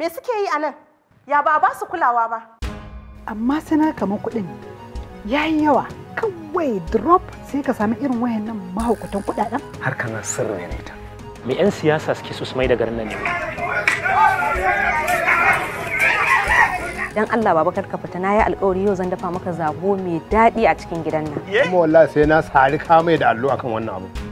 me suke yi anan ya ba ba su kulawa ba amma sana kamar kuɗin ya yi yawa kawai drop sai ka sami irin wayannan mahaukatan kuɗaɗen har kana sirri ne ta me 'yan siyasa suke su mai da garin nan ne dan Allah baba kar ka fita na yi alƙawari yau zan dafa maka zabo mai daɗi a cikin gidan nan kuma wallahi sai na sari ka mai da allo akan wannan abu